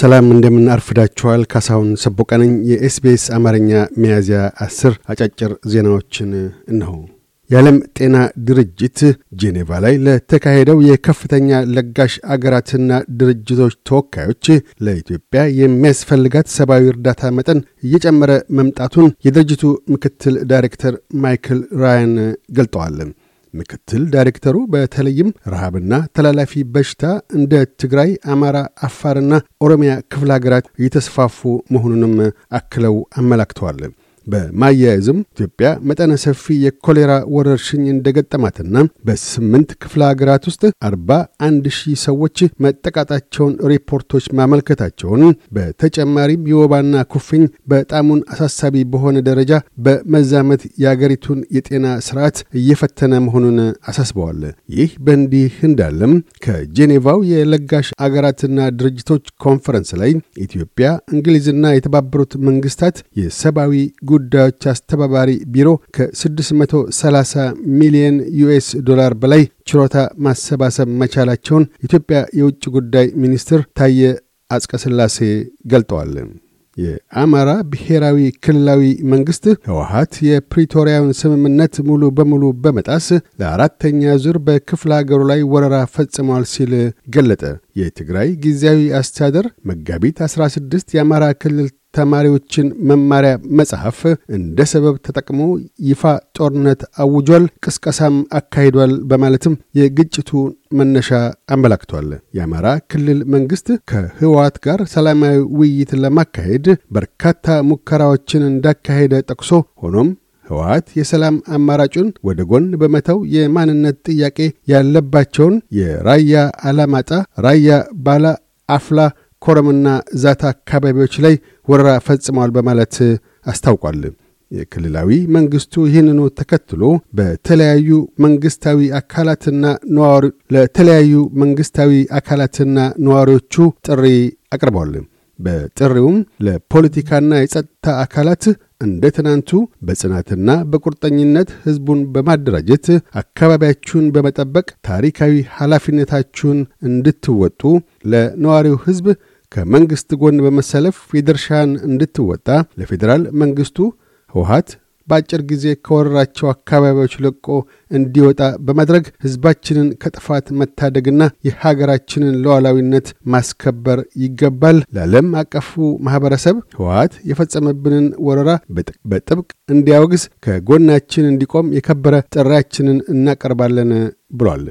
ሰላም እንደምን አርፍዳችኋል። ካሳሁን ሰቦቀነኝ የኤስቤስ የኤስቢኤስ አማርኛ ሚያዝያ አስር አጫጭር ዜናዎችን እነሆ። የዓለም ጤና ድርጅት ጄኔቫ ላይ ለተካሄደው የከፍተኛ ለጋሽ አገራትና ድርጅቶች ተወካዮች ለኢትዮጵያ የሚያስፈልጋት ሰብአዊ እርዳታ መጠን እየጨመረ መምጣቱን የድርጅቱ ምክትል ዳይሬክተር ማይክል ራያን ገልጠዋል። ምክትል ዳይሬክተሩ በተለይም ረሃብና ተላላፊ በሽታ እንደ ትግራይ፣ አማራ፣ አፋርና ኦሮሚያ ክፍለ ሀገራት እየተስፋፉ መሆኑንም አክለው አመላክተዋል። በማያያዝም ኢትዮጵያ መጠነ ሰፊ የኮሌራ ወረርሽኝ እንደገጠማትና በስምንት ክፍለ ሀገራት ውስጥ አርባ አንድ ሺህ ሰዎች መጠቃጣቸውን ሪፖርቶች ማመልከታቸውን በተጨማሪም የወባና ኩፍኝ በጣሙን አሳሳቢ በሆነ ደረጃ በመዛመት የአገሪቱን የጤና ስርዓት እየፈተነ መሆኑን አሳስበዋል። ይህ በእንዲህ እንዳለም ከጄኔቫው የለጋሽ አገራትና ድርጅቶች ኮንፈረንስ ላይ ኢትዮጵያ፣ እንግሊዝና የተባበሩት መንግስታት የሰብአዊ ጉዳዮች አስተባባሪ ቢሮ ከ630 ሚሊየን ዩኤስ ዶላር በላይ ችሮታ ማሰባሰብ መቻላቸውን የኢትዮጵያ የውጭ ጉዳይ ሚኒስትር ታየ አጽቀስላሴ ገልጠዋል። የአማራ ብሔራዊ ክልላዊ መንግሥት ህወሀት የፕሪቶሪያውን ስምምነት ሙሉ በሙሉ በመጣስ ለአራተኛ ዙር በክፍለ አገሩ ላይ ወረራ ፈጽሟል ሲል ገለጠ። የትግራይ ጊዜያዊ አስተዳደር መጋቢት 16 የአማራ ክልል ተማሪዎችን መማሪያ መጽሐፍ እንደ ሰበብ ተጠቅሞ ይፋ ጦርነት አውጇል፣ ቅስቀሳም አካሂዷል በማለትም የግጭቱ መነሻ አመላክቷል። የአማራ ክልል መንግስት ከህወሓት ጋር ሰላማዊ ውይይት ለማካሄድ በርካታ ሙከራዎችን እንዳካሄደ ጠቅሶ ሆኖም ህወሓት የሰላም አማራጩን ወደ ጎን በመተው የማንነት ጥያቄ ያለባቸውን የራያ አላማጣ፣ ራያ ባላ አፍላ ኮረምና ዛታ አካባቢዎች ላይ ወረራ ፈጽመዋል በማለት አስታውቋል። የክልላዊ መንግስቱ ይህንኑ ተከትሎ በተለያዩ መንግስታዊ አካላትና ነዋሪ ለተለያዩ መንግስታዊ አካላትና ነዋሪዎቹ ጥሪ አቅርበዋል። በጥሪውም ለፖለቲካና የጸጥታ አካላት እንደ ትናንቱ በጽናትና በቁርጠኝነት ሕዝቡን በማደራጀት አካባቢያችሁን በመጠበቅ ታሪካዊ ኃላፊነታችሁን እንድትወጡ ለነዋሪው ሕዝብ ከመንግሥት ጎን በመሰለፍ የድርሻን እንድትወጣ ለፌዴራል መንግሥቱ ህወሀት በአጭር ጊዜ ከወረራቸው አካባቢዎች ለቆ እንዲወጣ በማድረግ ሕዝባችንን ከጥፋት መታደግና የሀገራችንን ሉዓላዊነት ማስከበር ይገባል። ለዓለም አቀፉ ማኅበረሰብ ህወሀት የፈጸመብንን ወረራ በጥብቅ እንዲያወግዝ ከጎናችን እንዲቆም የከበረ ጥሪያችንን እናቀርባለን ብሏል።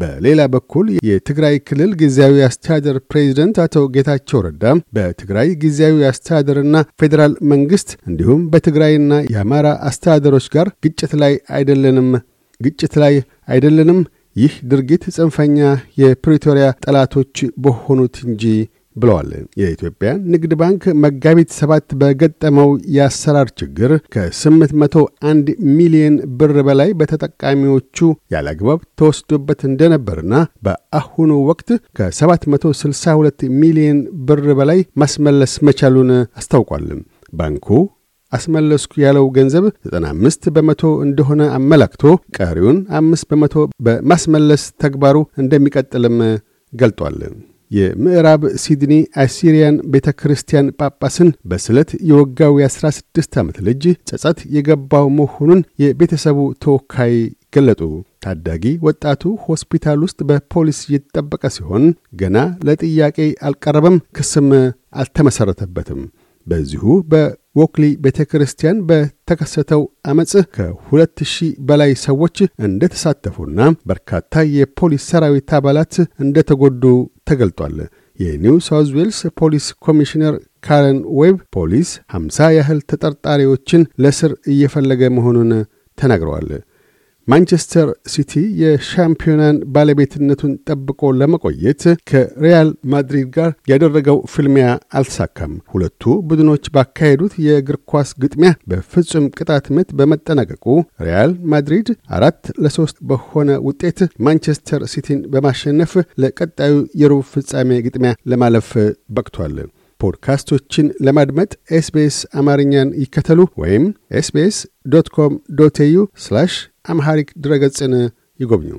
በሌላ በኩል የትግራይ ክልል ጊዜያዊ አስተዳደር ፕሬዚደንት አቶ ጌታቸው ረዳ በትግራይ ጊዜያዊ አስተዳደርና ፌዴራል መንግስት እንዲሁም በትግራይና የአማራ አስተዳደሮች ጋር ግጭት ላይ አይደለንም ግጭት ላይ አይደለንም። ይህ ድርጊት ጽንፈኛ የፕሪቶሪያ ጠላቶች በሆኑት እንጂ ብለዋል። የኢትዮጵያ ንግድ ባንክ መጋቢት ሰባት በገጠመው የአሰራር ችግር ከ801 ሚሊዮን ብር በላይ በተጠቃሚዎቹ ያለአግባብ ተወስዶበት እንደነበርና በአሁኑ ወቅት ከ762 ሚሊዮን ብር በላይ ማስመለስ መቻሉን አስታውቋል። ባንኩ አስመለስኩ ያለው ገንዘብ 95 በመቶ እንደሆነ አመላክቶ ቀሪውን አምስት በመቶ በማስመለስ ተግባሩ እንደሚቀጥልም ገልጧል። የምዕራብ ሲድኒ አሲሪያን ቤተ ክርስቲያን ጳጳስን በስለት የወጋው የ16 ዓመት ልጅ ጸጸት የገባው መሆኑን የቤተሰቡ ተወካይ ገለጡ። ታዳጊ ወጣቱ ሆስፒታል ውስጥ በፖሊስ እየተጠበቀ ሲሆን ገና ለጥያቄ አልቀረበም፣ ክስም አልተመሠረተበትም። በዚሁ በወክሊ ቤተ ክርስቲያን በተከሰተው አመፅ ከሁለት ሺህ በላይ ሰዎች እንደተሳተፉና በርካታ የፖሊስ ሰራዊት አባላት እንደተጎዱ ተገልጧል። የኒው ሳውዝ ዌልስ ፖሊስ ኮሚሽነር ካረን ዌብ ፖሊስ 50 ያህል ተጠርጣሪዎችን ለስር እየፈለገ መሆኑን ተናግረዋል። ማንቸስተር ሲቲ የሻምፒዮናን ባለቤትነቱን ጠብቆ ለመቆየት ከሪያል ማድሪድ ጋር ያደረገው ፍልሚያ አልተሳካም። ሁለቱ ቡድኖች ባካሄዱት የእግር ኳስ ግጥሚያ በፍጹም ቅጣት ምት በመጠናቀቁ ሪያል ማድሪድ አራት ለሶስት በሆነ ውጤት ማንቸስተር ሲቲን በማሸነፍ ለቀጣዩ የሩብ ፍጻሜ ግጥሚያ ለማለፍ በቅቷል። ፖድካስቶችን ለማድመጥ ኤስቤስ አማርኛን ይከተሉ ወይም ኤስቤስ ዶት ኮም ዶት ኤዩ አምሃሪክ ድረገጽን ይጎብኙ።